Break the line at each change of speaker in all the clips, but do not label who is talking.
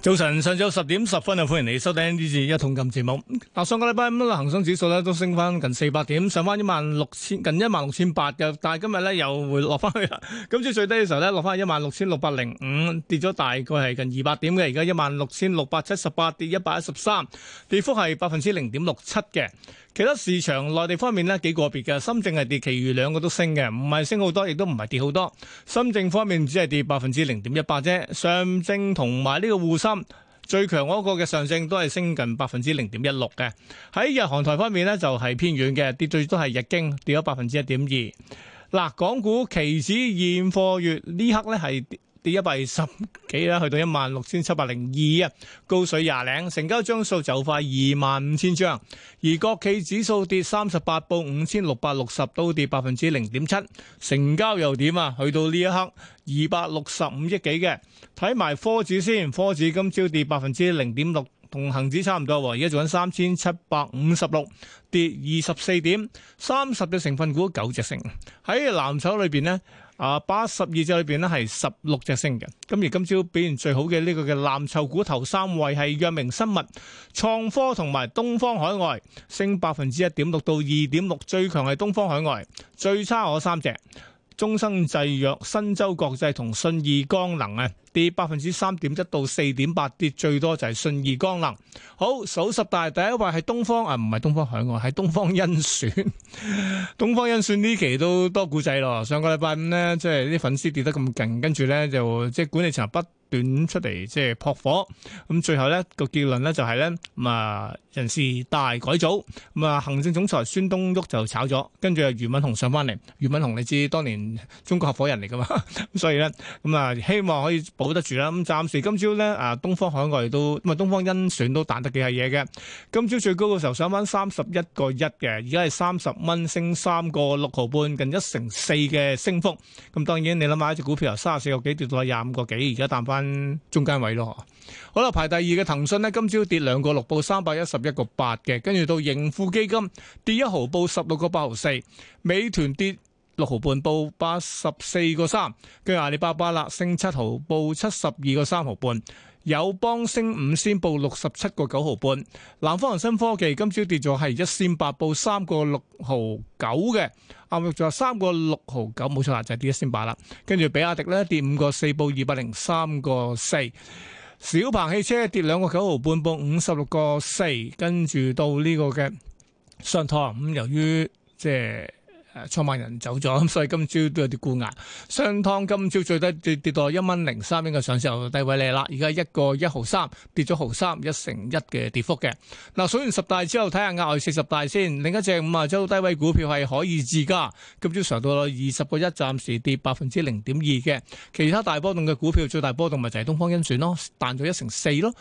早晨，上晝十點十分啊，歡迎你收聽呢節一桶金節目。嗱，上個禮拜恒生指數咧都升翻近四百點，上翻一萬六千近一萬六千八嘅，但係今日咧又回落翻去啦。今朝最低嘅時候咧，落翻一萬六千六百零五，跌咗大概係近二百點嘅，而家一萬六千六百七十八，跌一百一十三，跌幅係百分之零點六七嘅。其他市場內地方面咧幾個別嘅，深證係跌，其餘兩個都升嘅，唔係升好多，亦都唔係跌好多。深證方面只係跌百分之零點一八啫，上證同埋呢個滬深，最強嗰個嘅上證都係升近百分之零點一六嘅。喺日韓台方面呢，就係、是、偏遠嘅，跌最多係日經跌咗百分之一點二。嗱、啊，港股期指現貨月呢刻呢係。跌一百二十幾啦，去到一萬六千七百零二啊，高水廿零，成交張數就快二萬五千張，而國企指數跌三十八，報五千六百六十，都跌百分之零點七，成交又點啊？去到呢一刻二百六十五億幾嘅，睇埋科指先。科指今朝跌百分之零點六，同恒指差唔多，而家做緊三千七百五十六，跌二十四點，三十隻成分股九隻升。喺藍籌裏邊呢。啊！八十二隻裏邊咧，係十六隻升嘅。咁而今朝表現最好嘅呢個嘅藍籌股頭三位係藥明生物、創科同埋東方海外，升百分之一點六到二點六，最強係東方海外。最差嗰三隻：中生製藥、新洲國際同信義光能啊。百分之三點一到四點八，跌最多就係信義光能。好，數十大第一位係東方啊，唔係東方響岸，係、啊、東方甄選。 東方甄選呢期都多故仔咯。上個禮拜五呢，即係啲粉絲跌得咁勁，跟住呢就即係管理層不斷出嚟即係撲火。咁最後呢個結論呢，就係呢咁啊人事大改組。咁啊行政總裁孫東旭就炒咗，跟住阿俞敏洪上翻嚟。俞敏洪你知當年中國合伙人嚟噶嘛？所以呢，咁啊希望可以得住啦，咁暫、嗯、時今朝咧啊，東方海外都唔係東方甄選都彈得幾下嘢嘅。今朝最高嘅時候上翻三十一個一嘅，而家係三十蚊升三個六毫半，近一成四嘅升幅。咁當然你諗下，一隻股票由三十四個幾跌到廿五個幾，而家彈翻中間位咯。好啦，排第二嘅騰訊呢，今朝跌兩個六毫，報三百一十一個八嘅，跟住到盈富基金跌一毫，報十六個八毫四，美團跌。六毫半，報八十四個三。跟住阿里巴巴啦，升七毫，報七十二個三毫半。友邦升五仙，報六十七個九毫半。南方恒生科技今朝跌咗係一仙八，報三個六毫九嘅。亞玉仲有三個六毫九，冇錯啦，就係、是、跌一仙八啦。跟住比亞迪咧跌五個四，報二百零三個四。小鵬汽車跌兩個九毫半，報五十六個四。跟住到呢個嘅商湯咁，由於即係。.創辦人走咗，咁所以今朝都有啲沽壓。商湯今朝最低跌跌，跌到一蚊零三，應該上市又低位嚟啦。而家一個一毫三，跌咗毫三，一成一嘅跌幅嘅。嗱、啊，數完十大之後，睇下額外四十大先。另一隻五啊周低位股票係可以自家，今朝上到二十個一，暫時跌百分之零點二嘅。其他大波動嘅股票最大波動咪就係東方甄選咯，彈咗一成四咯。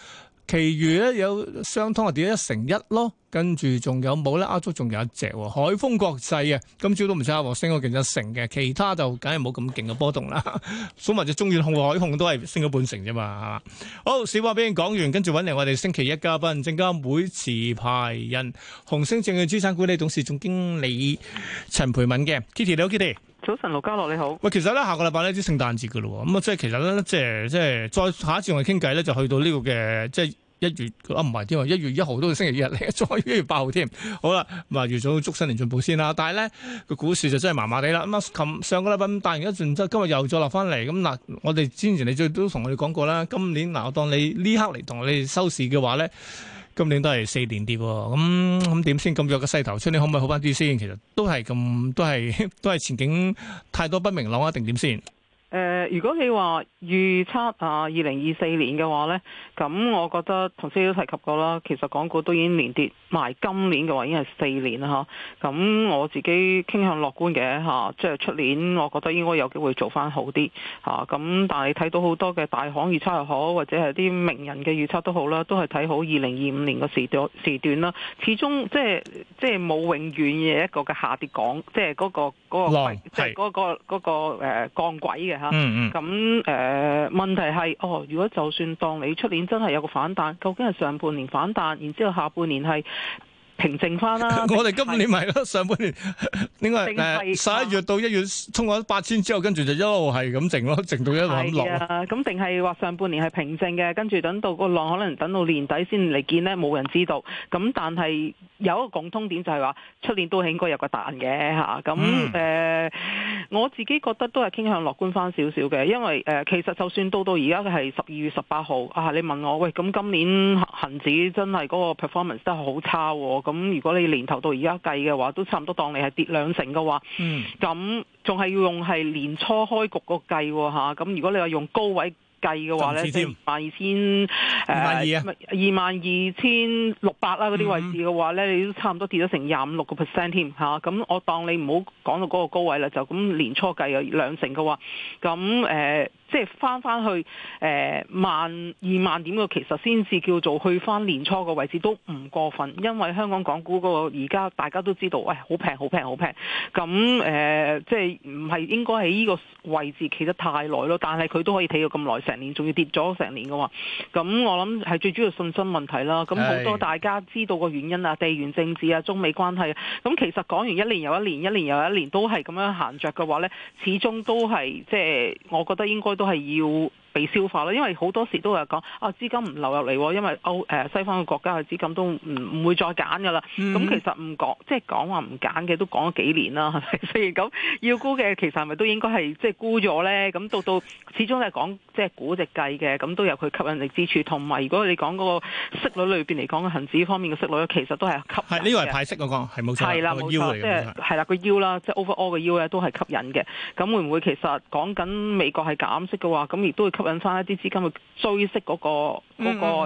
其餘咧有商湯啊跌咗一成一咯。跟住仲有冇咧？阿叔仲有一隻、哦、海豐國際啊，今朝都唔差喎、啊，升咗勁一成嘅。其他就梗係冇咁勁嘅波動啦。 數埋隻中遠控海控都係升咗半成啫嘛。好，小巴畀你講完，跟住揾嚟我哋星期一嘉賓證監會持牌人紅星證券資產管理董事總經理陳培敏嘅。Kitty 你好，Kitty。早晨，盧家樂你好。喂、嗯，其實咧下個禮拜呢，啲聖誕節噶咯，咁啊，即係其實咧即係即係再下一次我哋傾偈咧，就去到呢、呢個嘅即係。一月啊唔係添，一月一號都係星期日嚟，再一月八號添。好啦，咁啊預早祝新年進步先啦。但係咧個股市就真係麻麻地啦。咁、嗯、啊，上個禮拜咁帶完一陣，即係今日又再落翻嚟。咁嗱，我哋之前你最多都同我哋講過啦。今年嗱，我當你呢刻嚟同我哋收市嘅話咧，今年都係四年跌。咁咁點先？咁弱嘅勢頭，出，天可唔可以好翻啲先？其實都係咁，都係都係前景太多不明朗啊！定點先？
誒、呃，如果你話預測啊，二零二四年嘅話呢，咁我覺得頭先都提及過啦。其實港股都已經連跌埋今年嘅話，已經係四年啦，嚇。咁我自己傾向樂觀嘅嚇，即係出年我覺得應該有機會做翻好啲嚇。咁但係你睇到好多嘅大行預測又好，或者係啲名人嘅預測都好啦，都係睇好二零二五年嘅時段時段啦。始終即係即係冇永遠嘅一個嘅下跌講，即係嗰、嗰個即係嗰個嗰個誒降軌嘅。嗯嗯，咁誒、呃、問題係哦，如果就算當你出年真係有個反彈，究竟係上半年反彈，然之後下半年係。平靜翻啦！我哋今年咪
咯，上半年應該係十一月到一月衝咗八千之後，跟住就一路係咁靜咯，靜到一路咁落啊！
咁定係話上半年係平靜嘅，跟住等到個浪可能等到年底先嚟見呢，冇人知道。咁但係有一個共通點就係話，出年都係應該有個彈嘅嚇。咁、啊、誒，啊嗯、我自己覺得都係傾向樂觀翻少少嘅，因為誒其實就算到到而家嘅係十二月十八號啊，你問我喂咁今年恒指真係嗰個 performance 真係好差喎咁。咁如果你年頭到而家計嘅話，都差唔多當你係跌兩成嘅話，咁仲係要用係年初開局個計喎嚇。咁如果你話用高位計嘅話咧，萬二千誒二萬二千六百啦嗰啲位置嘅話呢、嗯、你都差唔多跌咗成廿五六個 percent 添嚇。咁、啊、我當你唔好講到嗰個高位啦，就咁年初計有兩成嘅話，咁、嗯、誒。呃即係翻翻去誒萬、呃、二萬點嘅，其實先至叫做去翻年初個位置都唔過分，因為香港港股、個而家大家都知道，喂好平好平好平，咁誒、嗯呃、即係唔係應該喺呢個位置企得太耐咯？但係佢都可以企到咁耐，成年仲要跌咗成年嘅話，咁、嗯、我諗係最主要信心問題啦。咁、嗯、好是多大家知道個原因啊，地緣政治啊，中美關係啊，咁、嗯、其實講完一年又一年，一年又一,一,一年都係咁樣行着嘅話呢，始終都係即係我覺得應該。都係要。未消化咯，因為好多時都係講啊資金唔流入嚟，因為歐誒、呃、西方嘅國家嘅資金都唔唔會再減噶啦。咁、嗯嗯、其實唔講即係講話唔減嘅都講咗幾年啦，係咪？所以咁要沽嘅其實係咪都應該係即係沽咗咧？咁到到始終都係講即係估值計嘅，咁都有佢吸引力之處。同埋如果你講嗰個息率裏邊嚟講，個恆指方面嘅息率
其實都係吸，呢個係派息嗰個係冇錯，啦冇錯即係
係啦個腰啦，即係 overall 嘅腰咧都係吸引嘅。咁會唔會其實講緊美國係減息嘅話，咁亦都會吸？
揾翻一啲資金去追息嗰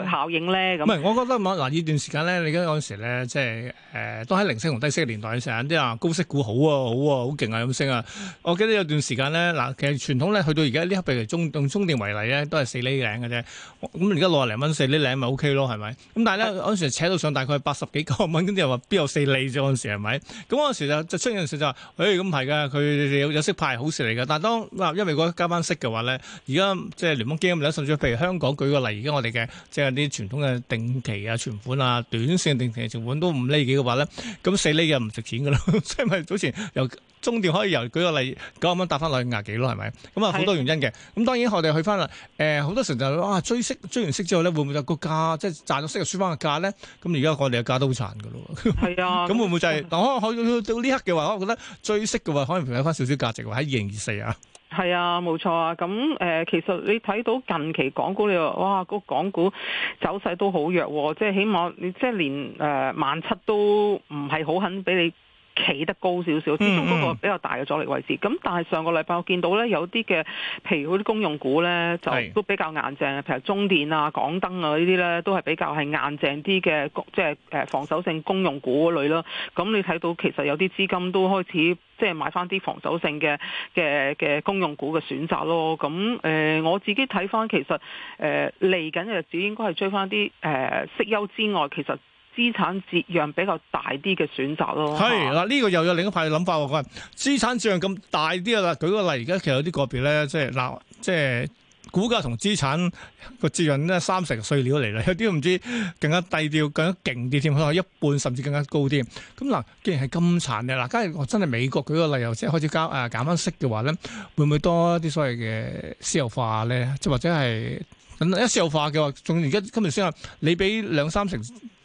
個效應咧咁。唔、嗯嗯嗯、我覺得嗱呢、啊、段時間咧，你嗰陣時咧，即係誒都喺零息同低息嘅年代，成日啲啊高息股好啊好啊好勁啊咁升啊。我記得有段時間咧嗱，其實傳統咧去到而家呢刻譬如中用中電為例咧，都係四厘零嘅啫。咁而家六十零蚊四厘零咪 O K 咯，係咪？咁但係咧嗰陣時就扯到上大概八十幾個蚊，跟住又話邊有四厘啫，嗰陣時係咪？咁嗰陣時就出係、哎、有時就話誒咁係㗎，佢有息派係好事嚟㗎。但係當因為個加翻息嘅話咧，而家即係。聯邦基金啦，甚至乎譬如香港，舉個例，而家我哋嘅即係啲傳統嘅定期啊、存款啊、短線定期存款都五厘幾嘅話咧，咁四厘嘅唔值錢噶咯， 所以咪早前由中段可以由舉個例九十蚊搭翻兩廿幾咯，係咪？咁啊好多原因嘅。咁是的 當然我哋去翻啦。誒，好多時就哇追息追完息之後咧，會唔會有個價？即係賺咗息又輸翻個價咧？咁而家我哋嘅價都好殘噶咯。係啊。咁會唔會就係、是、嗱？可到呢刻嘅話，我覺得追息嘅話，可能平翻少少價值喎。喺二零二四啊。
係啊，冇錯啊。咁、嗯、誒，其實你睇到近期港股，你話哇，個港股走勢都好弱喎、啊，即係起碼，你即係連誒萬七都唔係好肯俾你。企得高少少，之中嗰個比較大嘅阻力位置。咁但係上個禮拜我見到呢，有啲嘅譬如嗰啲公用股呢，就都比較硬淨是譬如中電啊、港燈啊呢啲呢，都係比較係硬淨啲嘅，即係誒防守性公用股嗰類咯。咁你睇到其實有啲資金都開始即係買翻啲防守性嘅嘅嘅公用股嘅選擇咯。咁誒我自己睇翻，其實誒嚟緊嘅日子應該係追翻啲誒息優之外，其實。資產折讓比較大啲嘅選擇咯，係
嗱呢個又有另一派嘅諗法喎。佢話資產折讓咁大啲啦，舉個例，而家其實有啲個別咧，即係嗱，即係股價同資產個折讓咧三成碎料嚟啦，有啲都唔知更加低調更加勁啲添，可能一半甚至更加高啲。咁嗱，既然係咁殘嘅嗱，假如真係美國舉個例，又即係開始加誒、呃、減翻息嘅話咧，會唔會多啲所謂嘅私有化咧？即或者係等一私有化嘅話，仲而家今日先話你俾兩三成。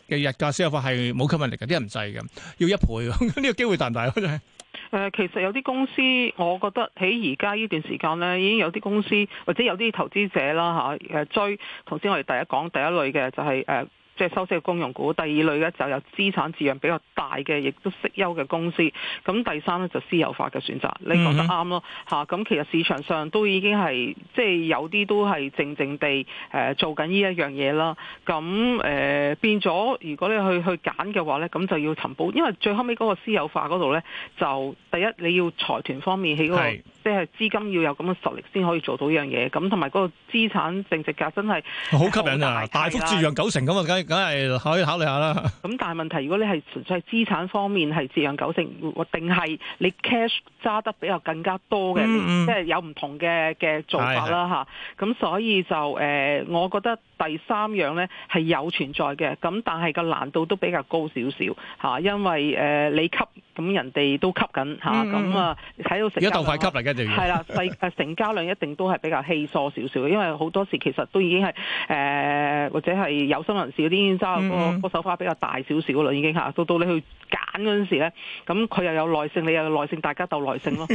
嘅日價消費係冇吸引力嘅，啲人唔制嘅，要一倍嘅，呢 個機會大唔大咧？
誒， 其實有啲公司，我覺得喺而家呢段時間咧，已經有啲公司或者有啲投資者啦嚇誒、啊、追。頭先我哋第一講第一類嘅就係、是、誒。啊即係收息嘅公用股，第二類咧就有資產折讓比較大嘅，亦都息優嘅公司。咁第三咧就是、私有化嘅選擇，你講得啱咯嚇。咁、嗯、哼其實市場上都已經係即係有啲都係靜靜地誒做緊呢一樣嘢啦。咁誒、呃、變咗，如果你去去揀嘅話咧，咁就要尋寶，因為最後尾嗰個私有化嗰度咧，就第一你要財團方面起嗰、那個即係是資金要有咁嘅實力先可以做到呢樣嘢。咁同埋嗰個資產
淨值價真係好吸引啊！大幅折讓九成咁啊，梗係可以考慮下啦。咁
但係問題，如果你係純粹係資產方面係自養九成，定係你 cash 揸得比較更加多嘅？嗯嗯即係有唔同嘅嘅做法啦嚇。咁是、啊、所以就誒、呃，我覺得第三樣咧係有存在嘅。咁但係個難度都比較高少少嚇，因為誒、呃、你吸咁人哋都吸緊嚇，咁啊喺度、嗯嗯嗯啊、成交。而家吸
嚟嘅就係啦，
成交量一定都係比較稀疏少少，因為好多時其實都已經係誒、呃、或者係有心人士啲。已經、嗯、手法比較大少少啦，已經嚇到到你去揀嗰陣時咧，咁佢又有耐性，你又有耐性，大家鬥耐性咯，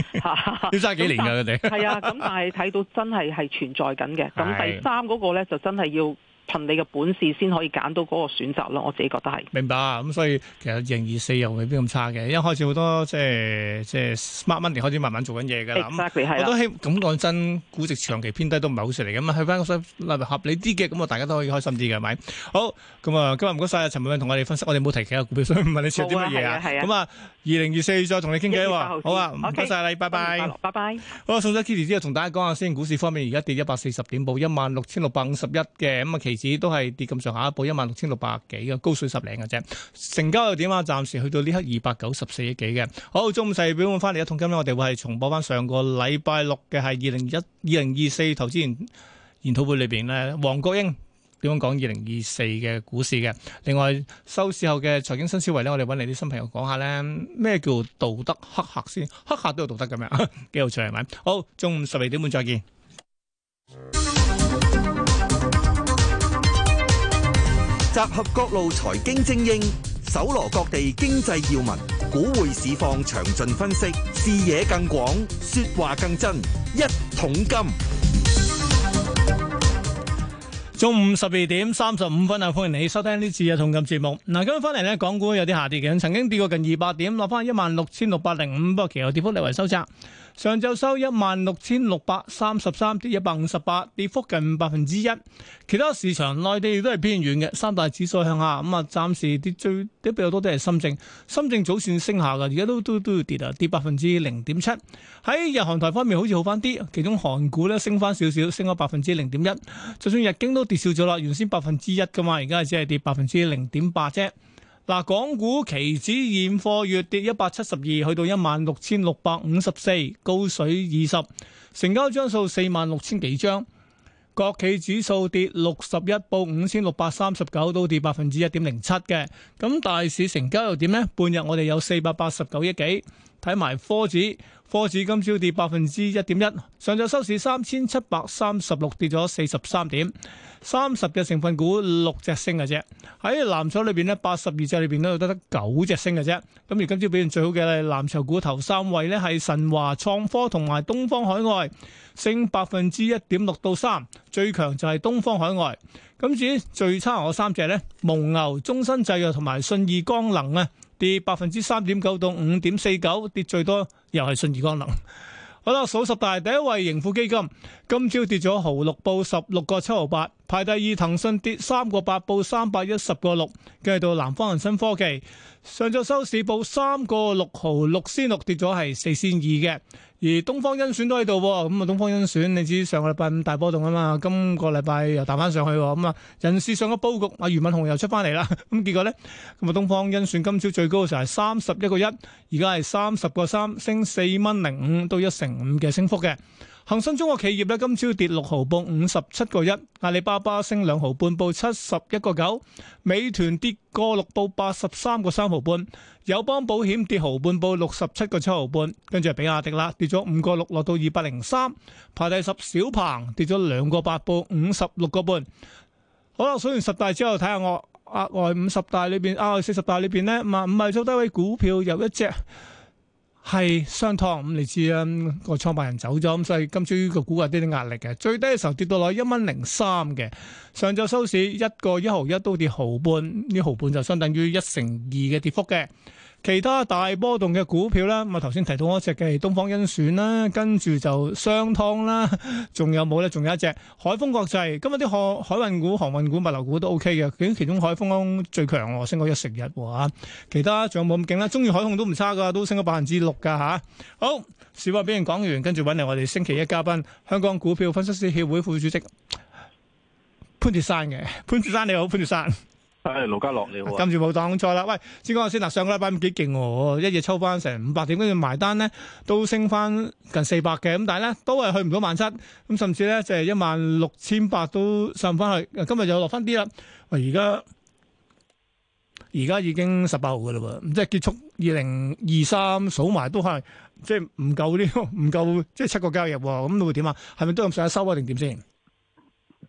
要爭幾年㗎
佢哋。係啊，
咁 但係睇、 啊、到真係係存在緊嘅。咁第三嗰個咧就真係要。憑你嘅本事先可以揀到嗰個選擇咯，我自己覺得係
明白啊。咁所以其實二零二四又未必咁差嘅。一開始好多即係即係 smart money 開始慢慢做緊嘢嘅啦。咁我都希咁講真，估值長期偏低都唔係好事嚟嘅嘛。去翻個相，合理啲嘅咁，我大家都可以開心啲嘅，係咪？好咁啊，今日唔該曬陳文俊同我哋分析，我哋冇提及個股票，所以唔問你説啲乜嘢啊。咁啊，二零二四再同你傾偈喎。好啊，唔該曬你，拜拜，拜拜。好，送咗 Kitty 之後，同大家講下先，股市方面而家跌一百四十點，報一萬六千六百五十一嘅。咁啊，其只都係跌咁上下，報一萬六千六百幾嘅高水十零嘅啫。成交又點啊？暫時去到呢刻二百九十四億幾嘅。好，中午十二點半翻嚟一桶金咧，我哋會係重播翻上個禮拜六嘅係二零一二零二四投資研研討會裏邊咧，黃國英點樣講二零二四嘅股市嘅。另外收市後嘅財經新思維咧，我哋揾嚟啲新朋友講下咧，咩叫道德黑客先？黑客都有道德咁樣，幾 有趣係咪？好，中午十二點半再見。
集合各路財經精英，搜羅各地經濟要聞，股匯市況詳盡分析，視野更廣，說話更真。一桶金，
中午十二點三十五分啊！歡迎你收聽呢次嘅一桶金節目。嗱，今日翻嚟呢，港股有啲下跌嘅，曾經跌過近二百點，落翻一萬六千六百零五，不過其後跌幅略為收窄。上晝收一萬六千六百三十三，跌一百五十八，跌幅近百分之一。其他市場內地都係偏軟嘅，三大指數向下。咁啊，暫時跌最跌比較多都係深圳。深圳早算升下嘅，而家都都都要跌啊，跌百分之零點七。喺日韓台方面好似好翻啲，其中韓股咧升翻少少，升咗百分之零點一。就算日經都跌少咗啦，原先百分之一嘅嘛，而家係只係跌百分之零點八啫。嗱，港股期指現貨月跌一百七十二，去到一萬六千六百五十四，高水二十，成交張數四萬六千幾張。國企指數跌六十一，報五千六百三十九，都跌百分之一點零七嘅。咁大市成交又點呢？半日我哋有四百八十九億幾，睇埋科指。科指今朝跌百分之一點一，上晝收市三千七百三十六跌咗四十三點，三十隻成分股六隻升嘅啫。喺藍籌裏邊呢，八十二隻裏邊都得得九隻升嘅啫。咁而今朝表現最好嘅藍籌股頭三位呢，係神華創科同埋東方海外，升百分之一點六到三。3，最強就係東方海外。咁至於最差嗰三隻呢，蒙牛、中生製藥同埋信義光能咧。跌百分之三點九到五點四九，跌最多又係信義光能。好啦，數十大第一位盈富基金，今朝跌咗毫六報十六個七毫八，排第二騰訊跌三個八報三百一十個六，跟住到南方恒生科技，上晝收市報三個六毫六仙六跌咗係四仙二嘅。而東方甄選都喺度喎，咁啊東方甄選，你知上個禮拜五大波動啊嘛，今個禮拜又彈翻上去，咁啊人事上嘅佈局，阿俞敏洪又出翻嚟啦，咁結果咧，咁啊東方甄選今朝最高嘅時候係三十一個一，而家係三十個三，升四蚊零五到一成五嘅升幅嘅。恒生中國企業咧今朝跌六毫半，五十七個一；阿里巴巴升兩毫半，報七十一個九；美團跌個六，報八十三個三毫半；友邦保險跌毫半，報六十七個七毫半。跟住係比亞迪啦，跌咗五個六，落到二百零三，排第十。小鵬跌咗兩個八，報五十六個半。好啦，數完十大之後，睇下我額外五十大裏邊，額外四十大裏邊呢，咁啊，五位數低位股票入一隻。係雙拖，咁你知啦，個、嗯、創辦人走咗，咁所以今朝個股有啲啲壓力嘅。最低嘅時候跌到落一蚊零三嘅，上晝收市一個一毫一都跌毫半，呢毫半就相當於一成二嘅跌幅嘅。其他大波動嘅股票咧，咁啊頭先提到嗰隻嘅東方甄選啦，跟住就雙湯啦，仲有冇咧？仲有一隻海豐國際，今日啲海海運股、航運股、物流股都 O K 嘅。咁其中海豐最強喎，升咗一成日喎、啊、其他仲有冇咁勁咧？中遠海控都唔差噶，都升咗百分之六噶吓。好，小話俾人講完，跟住搵嚟我哋星期一嘉賓，香港股票分析師協會副主席潘鐵山嘅潘鐵山，你好，潘鐵山。
誒，盧、啊、家樂你好、啊。今
次冇當錯啦。喂，先講下先嗱，上個禮拜幾勁喎，一夜抽翻成五百點，跟住埋單咧都升翻近四百嘅。咁但係咧都係去唔到萬七，咁甚至咧就係一萬六千八都上翻去。今日又落翻啲啦。而家而家已經十八號噶啦，即係結束二零二三數埋都係即係唔夠呢唔夠即係七個交易日。咁、嗯、你會點啊？係咪都咁上下收啊？定點先？
誒、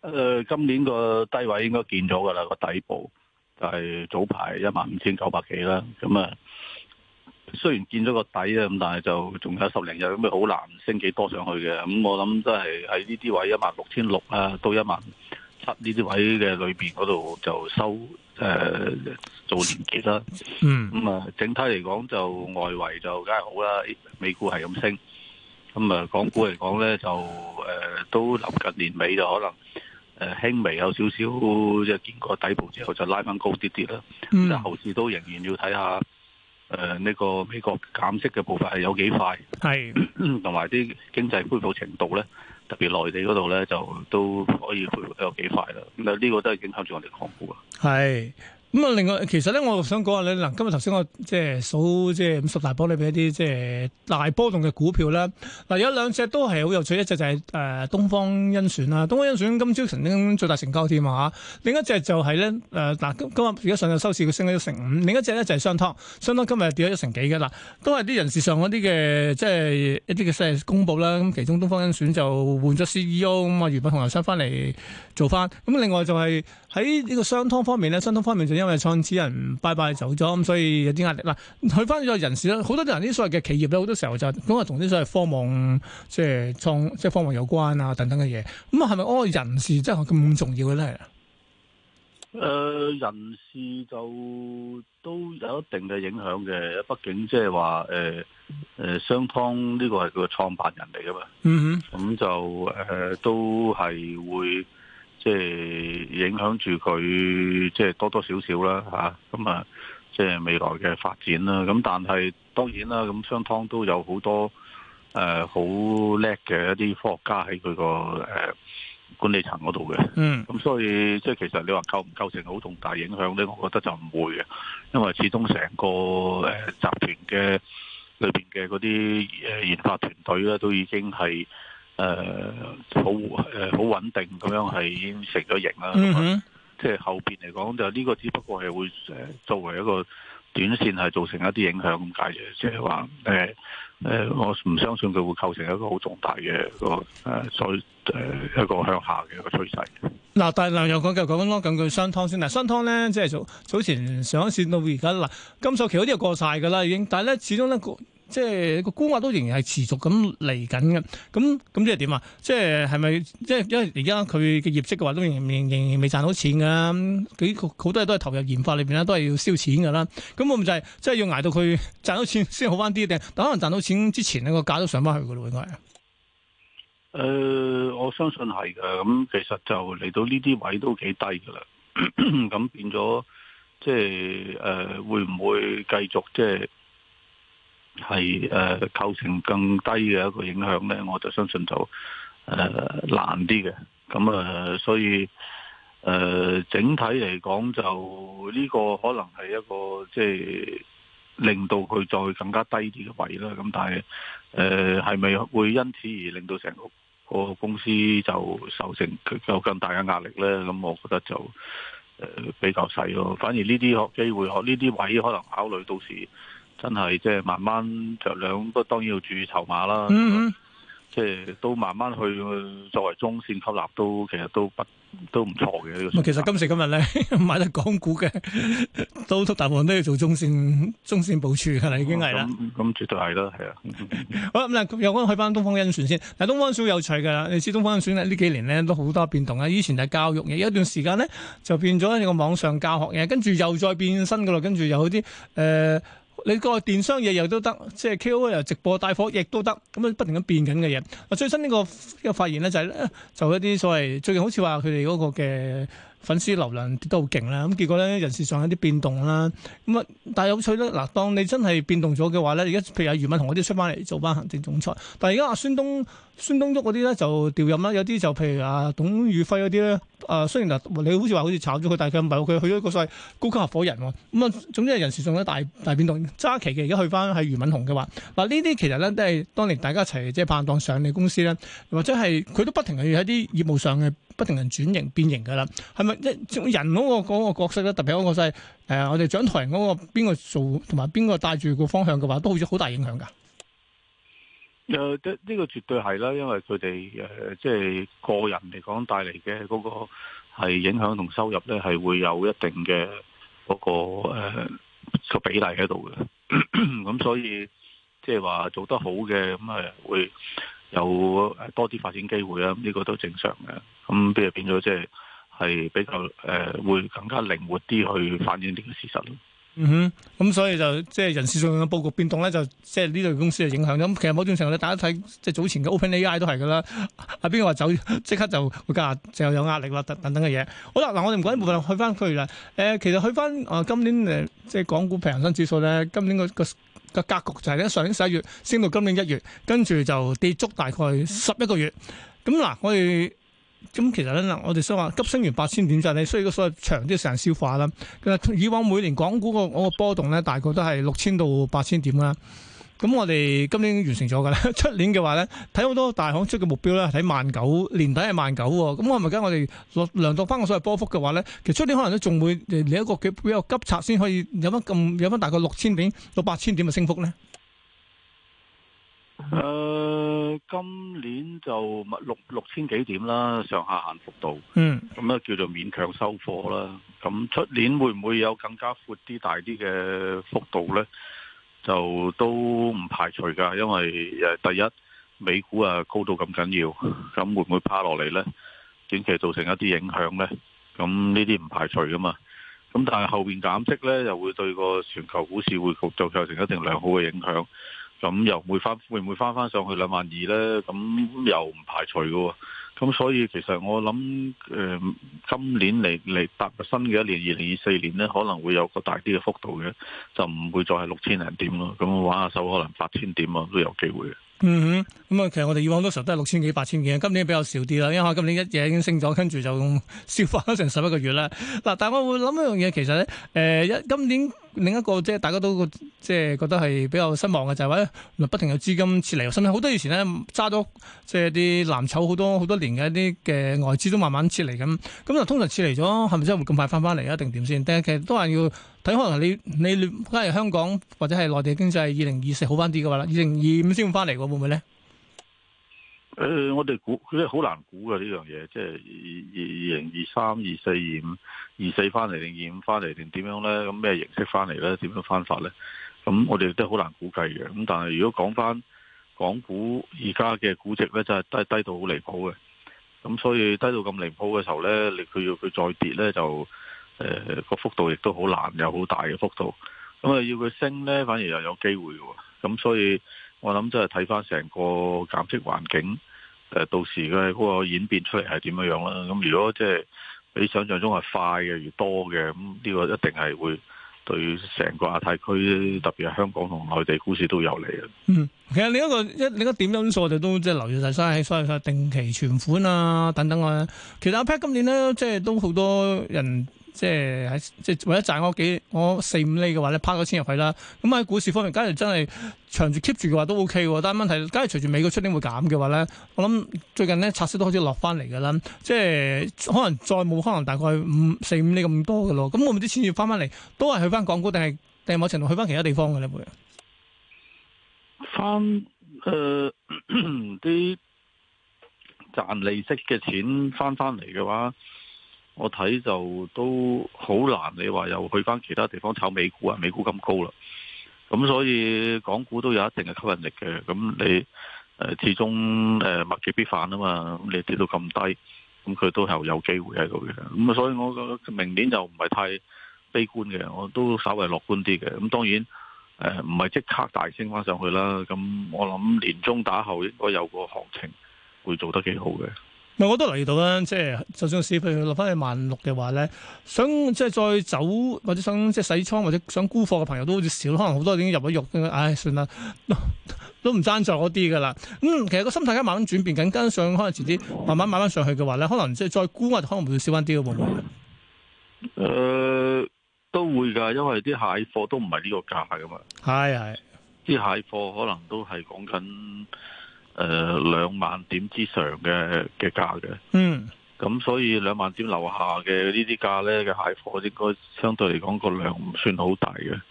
呃，今年個低位應該見咗噶啦，個底部。就係早排一萬五千九百幾啦，咁、嗯、啊，雖然見咗個底啊，咁但係就仲有十零日，咁咪好難升幾多上去嘅。咁、嗯、我諗都係喺呢啲位一萬六千六啊，到一萬七呢啲位嘅裏邊嗰度就收誒、呃、做年結啦。咁、嗯、啊、嗯，整體嚟講就外圍就梗係好啦，美股係咁升，咁、嗯、啊港股嚟講呢，就誒、呃、都臨近年尾就可能。輕微有少少即係經過底部之後就拉翻高啲啲啦，
咁、嗯、後
市都仍然要睇下誒呢、呃這個美國減息嘅步伐係有幾快，係同埋啲經濟恢復程度咧，特別內地嗰度咧就都可以恢復得有幾快啦。咁啊呢個都係影響住我哋港股啊。
係。咁啊、嗯，另外其實咧，我想講下你。嗱，今日頭先我即係數即係五十大波咧，俾一啲即係大波動嘅股票啦。嗱，有兩隻都係好有趣，一隻就係誒東方甄選啦，東方甄選，方選今朝曾經最大成交添啊。另一隻就係咧誒嗱，今今日而家上日收市佢升咗一成五，另一隻咧就係、是、商、呃、湯，商湯今日跌咗一成幾㗎喇，都係啲人事上嗰啲嘅即係一啲嘅公佈啦。咁其中東方甄選就換咗 CEO，咁啊，袁鵬同劉生翻嚟做翻。咁、嗯、另外就係、是。喺呢個商湯方面咧，商湯方面就因為創始人拜拜走咗，咁所以有啲壓力。嗱，去翻咗人事咯，好多啲人啲所謂嘅企業咧，好多時候就都係同啲所謂科網即係創即係科網有關啊等等嘅嘢。咁係咪個人事真係咁重要嘅咧？
誒、呃，人事就都有一定嘅影響嘅，畢竟即係話誒誒商湯呢、這個係佢個創辦人嚟噶嘛。嗯哼，咁就誒、呃、都係會。即係影響住佢，即係多多少少啦嚇。咁啊，即係未來嘅發展啦。咁但係當然啦，咁商湯都有好多誒好叻嘅一啲科學家喺佢個誒管理層嗰度嘅。Mm. 嗯。咁所以即係其實你話構唔構成好重大影響咧，我覺得就唔會嘅，因為始終成個誒集團嘅裏邊嘅嗰啲誒研發團隊咧，都已經係。誒，好誒、呃，好穩、呃、定咁樣係已經成咗型啦、嗯哼。即係後邊嚟講，就、這、呢個只不過係會誒作為一個短線係造成一啲影響咁解嘅。即係話誒誒，我唔相信佢會構成一個好重大嘅個誒再誒一個向下嘅一個趨勢。
嗱、嗯，大量、呃、又講又講咯，講佢商湯先。嗱，商湯咧，即係早早前上一線到而家嗱，禁售期嗰啲就過晒噶啦，已經。但係咧，始終咧即係個沽壓都仍然係持續咁嚟緊嘅，咁咁即係點啊？即係係咪即係因為而家佢嘅業績嘅話都仍仍然未賺到錢嘅，幾好多嘢都係投入研發裏邊啦，都係要燒錢嘅啦。咁我唔就係即係要捱到佢賺到錢先好翻啲定？但可能賺到錢之前呢個價都上翻去嘅咯，應該
係。誒、呃，我相信係嘅。咁其實就嚟到呢啲位都幾低嘅啦。咁 變咗即係誒、呃，會唔會繼續即係？係誒、呃，構成更低嘅一個影響咧，我就相信就誒、呃、難啲嘅。咁、嗯、啊、呃，所以誒、呃、整體嚟講就，就、這、呢個可能係一個即係、就是、令到佢再更加低啲嘅位啦。咁、嗯、但係誒係咪會因此而令到成個個公司就受成有更大嘅壓力咧？咁、嗯、我覺得就誒、呃、比較細咯。反而呢啲學機會學呢啲位，可能考慮到時。真係即係慢慢着量，不過當然要注意籌碼啦。嗯，即係都慢慢去作為中線吸納，都其實都不都唔錯嘅呢個。其實今
時今日咧，買得港股嘅都大部分都要做中線，中線部署噶啦，已經係啦。
咁、哦嗯、絕對係啦，係啊。
好啦，咁嗱，又可以去翻東方甄選先。嗱，東方甄選有趣噶啦，你知東方甄選呢幾年咧都好多變動啊。以前係教育嘅，有一段時間咧就變咗呢個網上教學嘅，跟住又再變身噶啦，跟住有啲誒。呃你個電商日日都得，即係 KOL 直播帶貨亦都得，咁啊不停咁變緊嘅嘢。最新呢個發現咧就係咧，就一啲所謂最近好似話佢哋嗰個嘅。粉絲流量跌得好勁啦，咁結果咧人事上有啲變動啦，咁啊但係有趣咧，嗱，當你真係變動咗嘅話咧，而家譬如阿俞敏洪嗰啲出翻嚟做翻行政總裁，但係而家阿孫東孫東旭嗰啲咧就調任啦，有啲就譬如阿董宇輝嗰啲咧，啊雖然嗱你好似話好似炒咗佢，但係佢唔係佢去咗個所謂高級合夥人喎，咁啊總之係人事上咧大大變動，揸旗嘅而家去翻係俞敏洪嘅話，嗱呢啲其實咧都係當年大家一齊即係拍檔上嘅公司咧，或者係佢都不停係喺啲業務上嘅。不停轉是不是人轉型變型㗎啦，係咪即係人嗰個角色咧？特別嗰個勢誒、呃，我哋掌台嗰、那個邊個做，同埋邊個帶住個方向嘅話，都會好大影響㗎。誒、
呃，呢、這個絕對係啦，因為佢哋誒即係個人嚟講帶嚟嘅嗰個係影響同收入咧，係會有一定嘅嗰、那個誒、呃呃、比例喺度嘅。咁、 呃、所以即係話做得好嘅，咁誒會有誒多啲發展機會啦。呢、這個都正常嘅。咁，不如變咗，即係係比較誒、呃，會更加靈活啲去反映呢個事實咯。嗯哼，
咁所以就即係、就是、人事上面嘅布局變動咧，就即係呢類公司嘅影響。咁其實某種程度咧，大家睇即係早前嘅 OpenAI 都係噶啦，係邊個話走，即刻就會加，就，就有壓力啦等等嘅嘢。好啦，嗱，我哋唔講一部分，去翻佢啦。誒、呃，其實去翻誒、呃、今年誒即係港股恒生指數咧，今年個個個格局就係咧，上年十一月升到今年一月，跟住就跌足大概十一個月。咁、嗯、嗱，嗯、我哋。咁其實咧，我哋想話急升完八千點就係你需要個所謂長啲成日消化啦。以往每年港股個我個波動咧，大概都係六千到八千點啦。咁我哋今年已經完成咗噶啦。出年嘅話咧，睇好多大行出嘅目標咧，睇萬九年底係萬九。咁我係咪而家我哋量度翻個所謂波幅嘅話咧，其實出年可能都仲會嚟一個幾比較急插先可以有翻咁有翻大概六千點到八千點嘅升幅咧。
誒、呃，今年就六六千幾點啦，上下行幅度，
嗯，
咁咧叫做勉強收貨啦。咁出年會唔會有更加闊啲、大啲嘅幅度呢？就都唔排除噶，因為誒，第一美股啊高到咁緊要，咁會唔會趴落嚟呢？短期造成一啲影響呢？咁呢啲唔排除噶嘛？咁但係後邊減息呢，又會對個全球股市會復甦，造成一定良好嘅影響。咁又會翻，會唔會翻翻上去兩萬二呢？咁又唔排除㗎。咁所以其實我諗，誒、呃、今年嚟嚟踏入新嘅一年，二零二四年呢，可能會有個大啲嘅幅度嘅，就唔會再係六千零點咯。咁玩下手可能八千點啊，都有機會。
嗯
哼，咁啊，其實我哋以往都時候都係六千幾、八千幾，今年比較少啲啦，因為今年一夜已經升咗，跟住就消化咗成十一個月啦。嗱，但係我會諗一樣嘢，其實咧，誒、呃，一今年另一個即係大家都即係覺得係比較失望嘅就係、是、話不停有資金撤離，甚至好多以前呢揸咗即係啲藍籌好多好多年嘅一啲嘅外資都慢慢撤離咁，咁就通常撤離咗係咪真係會咁快翻翻嚟啊？一定點先？但係其實都係要。睇可能你你翻嚟香港或者係內地經濟係二零二四好翻啲嘅話啦，二零二五先翻嚟喎，會唔會咧？
誒、呃，我哋估即係好難估嘅、就是、呢樣嘢，即係二二零二三、二四、二五、二四翻嚟定二五翻嚟定點樣咧？咁咩形式翻嚟咧？點樣翻法咧？咁、嗯、我哋都好難估計嘅。咁但係如果講翻港股而家嘅估值咧，就係低低到好離譜嘅。咁、嗯、所以低到咁離譜嘅時候咧，你佢要佢再跌咧就。誒，個、呃、幅度亦都好難，有好大嘅幅度。咁啊，要佢升咧，反而又有機會嘅。咁、嗯、所以，我諗真係睇翻成個減息環境。誒，到時嘅嗰個演變出嚟係點樣樣啦？咁、嗯、如果即、就、係、是、比想象中係快嘅，越多嘅，咁、這、呢個一定係會對成個亞太區，特別係香港同內地股市都有利
嘅。嗯，其實你、這、一個一，你一點因素，我、這、哋、個、都即係留意晒，晒、就、喺、是，晒定期存款啊，等等啊。其實阿 Pat 今年咧，即係都好多人。即係喺即係為咗賺我幾我四五厘嘅話咧，拋咗錢入去啦。咁、嗯、喺股市方面，假如真係長住 keep 住嘅話都 OK，但係問題，假如隨住美國出年會減嘅話咧，我諗最近咧拆息都開始落翻嚟嘅啦。即係可能再冇可能，大概四五厘咁多嘅咯。咁我唔知錢要翻翻嚟，都係去翻港股，定係定係某程度去翻其他地方嘅咧會。
翻誒啲賺利息嘅錢翻翻嚟嘅話。我睇就都好難，你話又去翻其他地方炒美股啊，美股咁高啦，咁所以港股都有一定嘅吸引力嘅。咁你、呃、始終誒物極必反啊嘛，咁你跌到咁低，咁佢都係有機會喺度嘅。咁啊，所以我覺得明年就唔係太悲觀嘅，我都稍微樂觀啲嘅。咁當然誒唔係即刻大升翻上去啦。咁我諗年中打後應該有個行情會做得幾好嘅。
唔係、嗯，我都留意到啦。即係，就算市，譬如落翻去萬六嘅話咧，想即係再走，或者想即係洗倉，或者想沽貨嘅朋友都好似少。可能好多已經入咗肉，唉、哎，算啦，都唔爭在嗰啲噶啦。嗯，其實個心態一慢慢轉變緊，跟上可能遲啲慢慢買翻上去嘅話咧，可能即係再沽，我可能會少翻啲嘅會唔會？誒、呃，
都會㗎，因為啲蟹貨都唔係呢個價噶嘛。係係，啲蟹貨可能都係講緊。誒、呃，兩萬點之上嘅嘅價嘅，嗯，咁所以兩萬點樓下嘅呢啲價呢，嘅蟹貨，應該相對嚟講個量唔算好大嘅。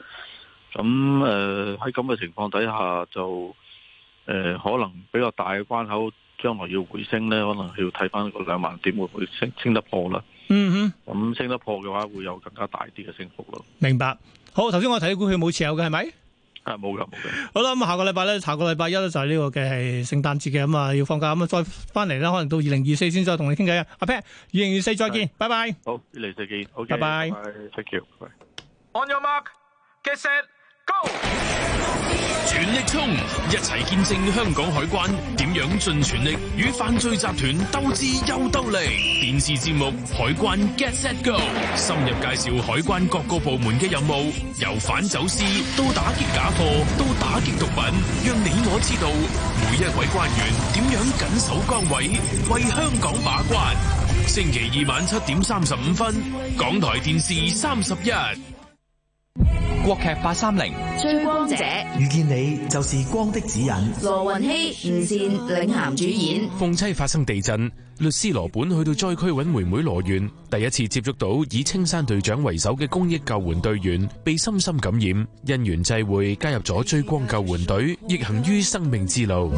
咁誒，喺咁嘅情況底下就，就、呃、誒，可能比較大嘅關口，將來要回升呢，可能要睇翻個兩萬點會唔會升升得破啦？嗯哼，咁升得破嘅話，會有更加大啲嘅升幅咯。明白。好，頭先我睇過
佢冇持有嘅係咪？啊，冇噶，冇噶。好啦，咁下個禮拜咧，下個禮拜,拜一咧就係呢個嘅係聖誕節嘅，咁、嗯、啊要放假，咁、嗯、啊再翻嚟啦。可能到二零二四先再同你傾偈啊。阿 Pat，二零二四再見，
拜拜是。Bye bye 好，二零二四，再見，好、okay, bye，拜拜，thank you。On your mark, get set, go。 全力衝！一齊見證香港海關
點樣盡全力與犯罪集團鬥智又鬥力。電視節目海關 Get Set Go 深入介紹海關各個部門嘅任務，由反走私到打擊假貨，到打擊毒品，讓你我知道每一位關
員點樣緊守崗位，為香港把關。星期二晚七點三十五分，港台電視三十一。國劇八三零
追光者，
遇見你就是光的指引，羅
雲熙、吳倩領銜主演。
鳳棲發生地震，律師羅本去到災區揾妹妹羅遠，
第一次接觸到以青山隊長為首嘅公益救援隊員，被深深感染。因緣際會加入咗追光救援隊，逆行於生命之路。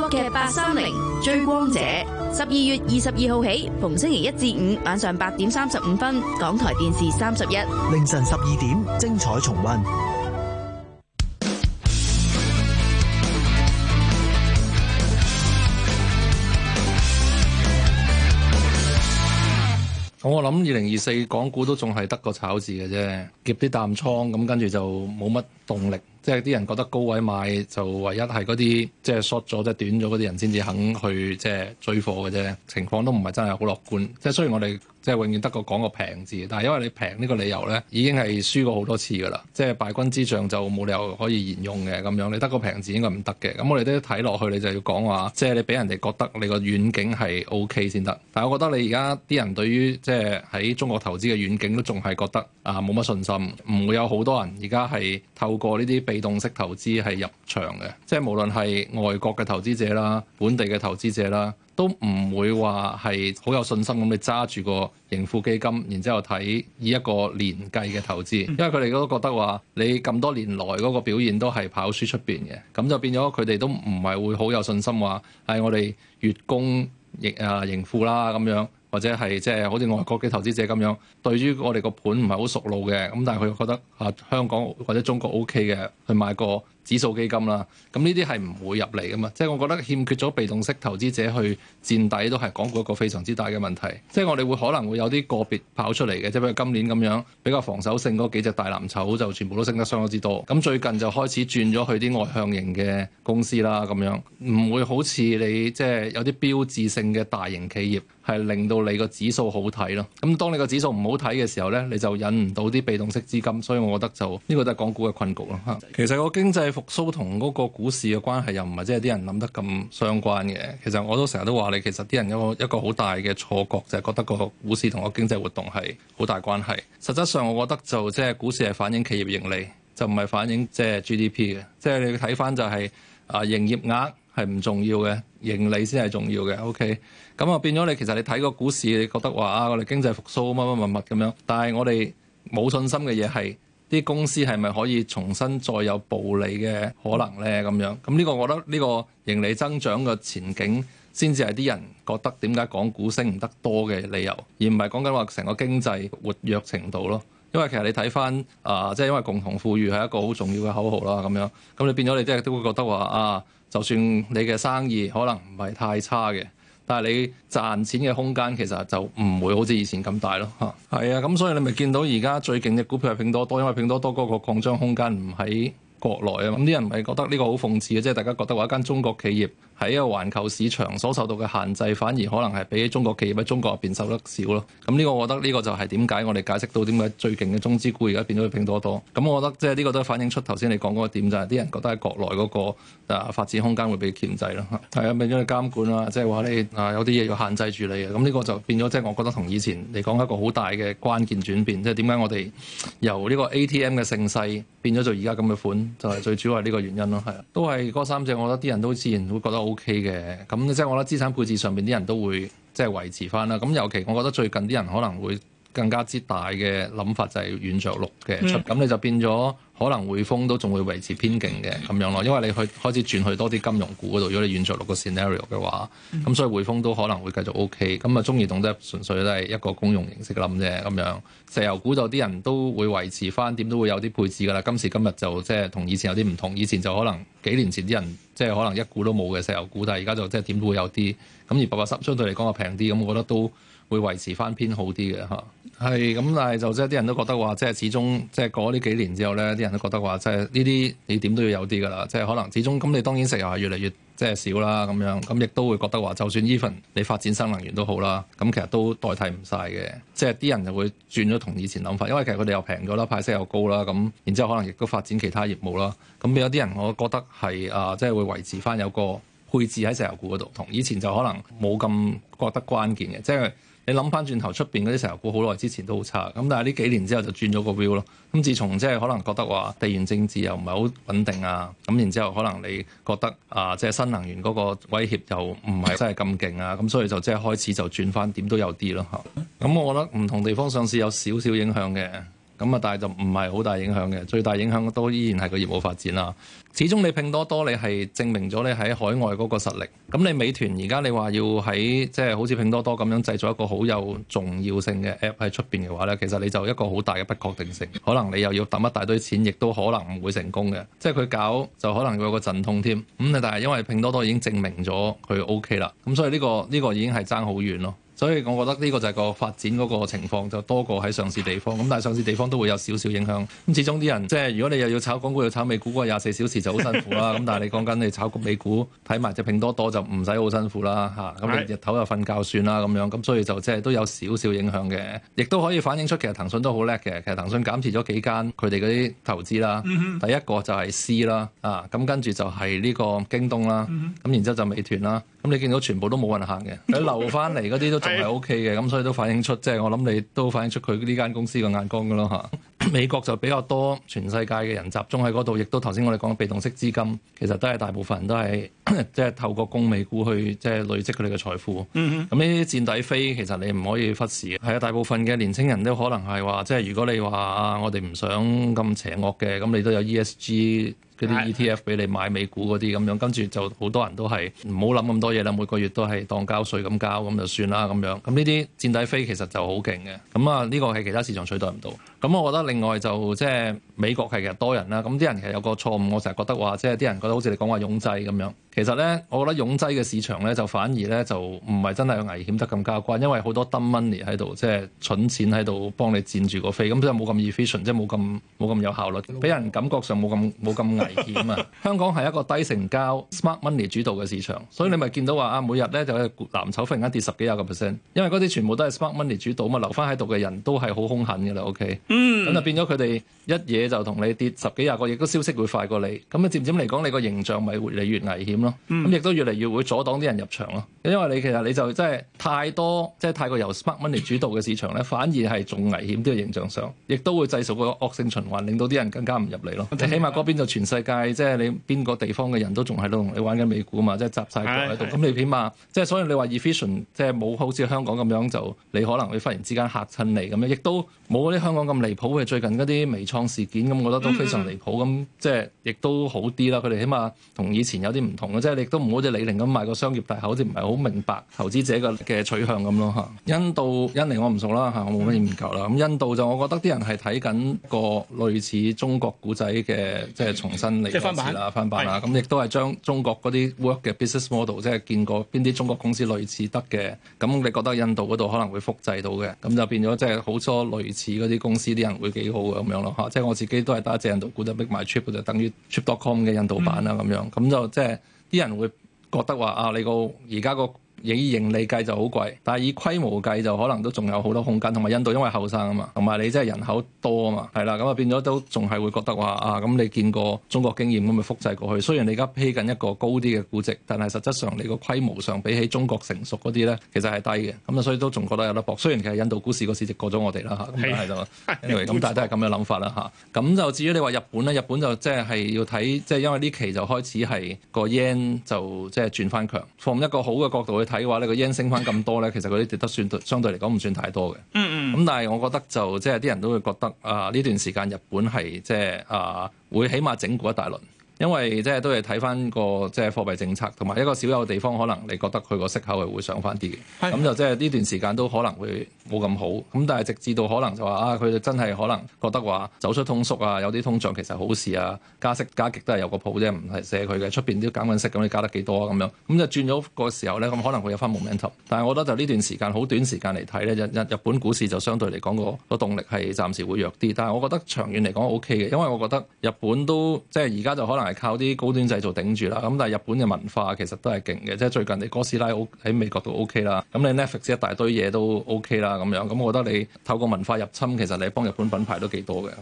《嘅八三零追光者》十二月二十二號起，逢星期一至五晚上八點三十五分，港台電視三十一，
凌晨十二點，精彩重溫。
我我諗二零二四港股都仲係得個炒字嘅啫，挾啲淡倉，咁跟住就冇乜動力，即係啲人覺得高位買就唯一係嗰啲即係縮咗、即係短咗嗰啲人先至肯去即係追貨嘅啫，情況都唔係真係好樂觀，即係雖然我哋。即係永遠得個講個平字，但係因為你平呢個理由呢，已經係輸過好多次㗎啦。即係敗軍之將就冇理由可以沿用嘅咁樣，你得個平字應該唔得嘅。咁我哋都睇落去，你就要講話，即係你俾人哋覺得你個遠景係 OK 先得。但係我覺得你而家啲人對於即係喺中國投資嘅遠景都仲係覺得啊冇乜信心，唔會有好多人而家係透過呢啲被動式投資係入場嘅。即係無論係外國嘅投資者啦，本地嘅投資者啦。都唔會話係好有信心咁，你揸住個盈富基金，然之後睇以一個年計嘅投資，因為佢哋都覺得話你咁多年來嗰個表現都係跑輸出邊嘅，咁就變咗佢哋都唔係會好有信心話係我哋月供盈啊盈富啦咁樣，或者係即係好似外國嘅投資者咁樣，對於我哋個盤唔係好熟路嘅，咁但係佢又覺得啊香港或者中國 O K 嘅去買個。指數基金啦，咁呢啲係唔會入嚟噶嘛？即係我覺得欠缺咗被動式投資者去墊底，都係港股一個非常之大嘅問題。即係我哋會可能會有啲個別跑出嚟嘅，即係譬如今年咁樣比較防守性嗰幾隻大藍籌就全部都升得相當之多。咁最近就開始轉咗去啲外向型嘅公司啦，咁樣唔會好似你即係有啲標誌性嘅大型企業係令到你個指數好睇咯。咁當你個指數唔好睇嘅時候呢，你就引唔到啲被動式資金，所以我覺得就呢個都係港股嘅困局咯。嚇，其實個經濟復甦同嗰個股市嘅關係又唔係即係啲人諗得咁相關嘅。其實我都成日都話你，其實啲人有個一個好大嘅錯覺就係、是、覺得個股市同個經濟活動係好大關係。實際上，我覺得就即係股市係反映企業盈利，就唔係反映即係 GDP 嘅。即、就、係、是就是、你睇翻就係、是、啊營業額係唔重要嘅，盈利先係重要嘅。OK，咁啊變咗你其實你睇個股市，你覺得話啊我哋經濟復甦乜乜乜乜咁樣，但係我哋冇信心嘅嘢係。啲公司係咪可以重新再有暴利嘅可能咧？咁樣，咁、呢、呢個我覺得呢、呢個盈利增長嘅前景，先至係啲人覺得點解講股升唔得多嘅理由，而唔係講緊話成個經濟活躍程度咯。因為其實你睇翻啊，即係因為共同富裕係一個好重要嘅口號啦。咁樣，咁你變咗你即係都會覺得話啊，就算你嘅生意可能唔係太差嘅。但係你賺錢嘅空間其實就唔會好似以前咁大咯嚇。係啊，咁所以你咪見到而家最勁嘅股票係拼多多，因為拼多多嗰個擴張空間唔喺國內啊嘛。咁啲人咪覺得呢個好諷刺嘅，即係大家覺得話一間中國企業。喺一個環球市場所受到嘅限制，反而可能係比中國企業喺中國入邊受得少咯。咁呢個我覺得呢個就係點解我哋解釋到點解最勁嘅中資股而家變咗去拼多多。咁我覺得即係呢個都反映出頭先你講嗰個點，就係啲人覺得喺國內嗰個誒發展空間會被牽制咯。係啊，變咗去監管啦、啊，即係話你啊有啲嘢要限制住你嘅。咁呢個就變咗即係我覺得同以前嚟講一個好大嘅關鍵轉變。即係點解我哋由呢個 ATM 嘅盛世變咗做而家咁嘅款，就係最主要係呢個原因咯。係啊，都係嗰三隻，我覺得啲人都自然會覺得。O K 嘅，咁即係我覺得資產配置上面啲人都會即係維持翻啦。咁尤其我覺得最近啲人可能會。更加之大嘅諗法就係，軟着陸嘅。咁你就變咗可能匯豐都仲會維持偏勁嘅咁樣咯，因為你去開始轉去多啲金融股嗰度，如果你軟着陸個 scenario 嘅話，咁、mm. 所以匯豐都可能會繼續 OK。咁啊中移動咧純粹都係一個公用形式諗啫咁樣，石油股就啲人都會維持翻，點都會有啲配置噶啦。今時今日就即係同以前有啲唔同，以前就可能幾年前啲人即係可能一股都冇嘅石油股，但係而家就即係點都會有啲。咁而八八十相對嚟講啊平啲，咁我覺得都會維持翻偏好啲嘅嚇。係咁，但係就即係啲人都覺得話，即係始終即係過咗呢幾年之後咧，啲人都覺得話，即係呢啲你點都要有啲㗎喇，即係可能始終咁你當然石油係越嚟越即係少啦咁樣，咁亦都會覺得話，就算 Even，你發展新能源都好啦，咁其實都代替唔晒嘅，即係啲人就會轉咗同以前諗法，因為其實佢哋又平咗啦，派息又高啦，咁然之後可能亦都發展其他業務啦，咁有啲人我覺得係啊、呃，即係會維持返有個配置喺石油股嗰度，同以前就可能冇咁覺得關鍵嘅，即係。你諗翻轉頭出邊嗰啲石油股好耐之前都好差，咁但係呢幾年之後就轉咗個 view 咯。咁自從即係可能覺得話地緣政治又唔係好穩定啊，咁然之後可能你覺得啊，即係新能源嗰個威脅又唔係真係咁勁啊，咁所以就即係開始就轉翻點都有啲咯嚇。咁我覺得唔同地方上市有少少影響嘅。咁啊，但係就唔係好大影響嘅，最大影響都依然係個業務發展啦。始終你拼多多你係證明咗你喺海外嗰個實力，咁你美團而家你話要喺即係好似拼多多咁樣製造一個好有重要性嘅 app 喺出邊嘅話呢，其實你就一個好大嘅不確定性，可能你又要抌一大堆錢，亦都可能唔會成功嘅。即係佢搞就可能有個震痛添。咁但係因為拼多多已經證明咗佢 OK 啦，咁所以呢、這個呢、這個已經係爭好遠咯。所以我覺得呢個就係個發展嗰個情況就多過喺上市地方咁，但係上市地方都會有少少影響。咁始終啲人即係如果你又要炒港股要炒美股個廿四小時就好辛苦啦。咁 但係你講緊你炒股美股睇埋隻拼多多就唔使好辛苦啦嚇。咁、啊、你日頭又瞓覺算啦咁樣。咁所以就即係都有少少影響嘅，亦都可以反映出其實騰訊都好叻嘅。其實騰訊減持咗幾間佢哋嗰啲投資啦。第一個就係 C 啦啊，咁跟住就係呢個京東啦。咁、啊、然之後就美團啦。咁、嗯、你見到全部都冇運行嘅，你留翻嚟嗰啲都仲係 O K 嘅，咁 所以都反映出即係、就是、我諗你都反映出佢呢間公司嘅眼光噶咯吓啊美國就比較多，全世界嘅人集中喺嗰度，亦都頭先我哋講嘅被動式資金，其實都係大部分人都係即係透過供美股去即係累積佢哋嘅財富。咁呢啲墊底飛其實你唔可以忽視嘅。係啊，大部分嘅年輕人都可能係話，即係如果你話啊，我哋唔想咁邪惡嘅，咁你都有 ESG 嗰啲 ETF 俾你買美股嗰啲咁樣，跟住就好多人都係唔好諗咁多嘢啦，每個月都係當交稅咁交咁就算啦咁樣。咁呢啲墊底飛其實就好勁嘅。咁啊，呢個係其他市場取代唔到。咁我覺得另外就即係美國係其實多人啦，咁啲人其實有個錯誤，我成日覺得話即係啲人覺得好似你講話擁擠咁樣。其實咧，我覺得擁擠嘅市場咧就反而咧就唔係真係危險得咁交關，因為好多 dumb money 喺度，即係蠢錢喺度幫你佔住個飛，咁即係冇咁 efficient，即係冇咁冇咁有效率，俾人感覺上冇咁冇咁危險啊！ 香港係一個低成交 smart money 主導嘅市場，所以你咪見到話啊，每日咧就藍籌忽然間跌十幾廿個 percent，因為嗰啲全部都係 smart money 主導嘛，留翻喺度嘅人都係好兇狠嘅啦。OK。嗯，咁、mm hmm. 就變咗佢哋一嘢就同你跌十幾廿個，亦都消息會快過你。咁啊，漸漸嚟講，你個形象咪越嚟越危險咯。咁亦、mm hmm. 都越嚟越會阻擋啲人入場咯。因為你其實你就即係太多，即、就、係、是、太過由 smart money 主導嘅市場咧，反而係仲危險啲嘅形象上，亦都會製造個惡性循環，令到啲人更加唔入嚟咯。即、mm hmm. 起碼嗰邊就全世界，即、就、係、是、你邊個地方嘅人都仲喺度同你玩緊美股嘛，即係集晒過喺度。咁、mm hmm. 你起碼即係、就是、所以你話 efficient，即係冇好似香港咁樣就你可能會忽然之間嚇親你咁樣，亦都冇啲香港咁。離譜嘅最近嗰啲微創事件，咁我覺得都非常離譜。咁即係亦都好啲啦，佢哋起碼同以前有啲唔同嘅，即係亦都唔好似李寧咁賣個商業大口，即係唔係好明白投資者嘅嘅取向咁咯嚇。印度、印尼我唔熟啦嚇，我冇乜研究啦。咁印度就我覺得啲人係睇緊個類似中國古仔嘅，即係重新嚟一次啦，翻版啦。咁亦版是都係將中國嗰啲 work 嘅 business model，即係見過邊啲中國公司類似得嘅，咁你覺得印度嗰度可能會複製到嘅，咁就變咗即係好多類似嗰啲公司。啲人會幾好啊咁樣咯吓，即係我自己都係打印度鼓就逼埋 trip，就等於 trip dot com 嘅印度版啊咁樣，咁就即係啲人會覺得話啊，你個而家個。 以盈利計就好貴，但係以規模計就可能都仲有好多空間。同埋印度因為後生啊嘛，同埋你真係人口多啊嘛，係啦，咁啊變咗都仲係會覺得話啊，咁你見過中國經驗咁咪複製過去？雖然你而家披緊一個高啲嘅估值，但係實質上你個規模上比起中國成熟嗰啲咧，其實係低嘅。咁啊，所以都仲覺得有得搏。雖然其實印度股市個市值過咗我哋啦嚇，咁係咁，大家都係咁嘅諗法啦嚇。咁、啊、就至於你話日本咧，日本就即係係要睇，即、就、係、係、因為呢期就開始係個 yen 就即係轉翻強。放一個好嘅角度去睇嘅話，咧，個 yen 升翻咁多咧，其實佢啲跌得算相對嚟講唔算太多嘅。嗯嗯。咁但係我覺得就即係啲人都會覺得啊，呢段時間日本係即係啊，會起碼整蠱一大輪。因為即係都係睇翻個即係貨幣政策，同埋一個少有嘅地方，可能你覺得佢個息口係會上翻啲嘅，咁的就即係呢段時間都可能會冇咁好。咁但係直至到可能就話啊，佢哋真係可能覺得話走出通縮啊，有啲通脹其實好事啊，加息加極都係有個譜啫，唔係射佢嘅出邊啲減緊息咁，你加得幾多啊咁樣？咁就轉咗個時候呢，咁可能會有翻 momentum。但係我覺得就呢段時間好短時間嚟睇呢，日日日本股市就相對嚟講個個動力係暫時會弱啲。但係我覺得長遠嚟講 O K 嘅，因為我覺得日本都即係而家就可能。係靠啲高端製造頂住啦，咁但係日本嘅文化其實都係勁嘅，即係最近你哥斯拉喺美國都 OK 啦，咁你 Netflix 一大堆嘢都 OK 啦咁樣，咁我覺得你透過文化入侵，其實你幫日本品牌都幾多嘅。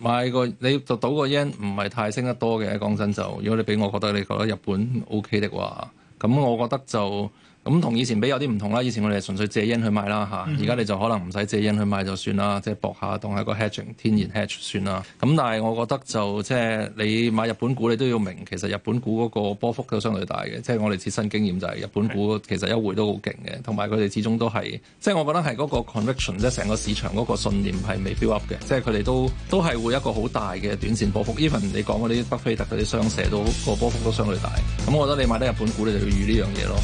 買個你賭個 yen 唔係太升得多嘅，講真就如果你俾我覺得你覺得日本 OK 嘅話，咁我覺得就。咁同以前比有啲唔同啦。以前我哋純粹借因去買啦嚇，而家你就可能唔使借因去買就算啦，嗯、即係搏下當係個 hedging 天然 hedge 算啦。咁但係我覺得就即係你買日本股，你都要明其實日本股嗰個波幅都相對大嘅。即係我哋自身經驗就係、是、日本股其實一回都好勁嘅，同埋佢哋始終都係即係我覺得係嗰個 conviction 即係成個市場嗰個信念係未 build up 嘅。即係佢哋都都係會一個好大嘅短線波幅。even 你講嗰啲巴菲特嗰啲商社都、那個波幅都相對大。咁我覺得你買得日本股你就要預呢樣嘢
咯。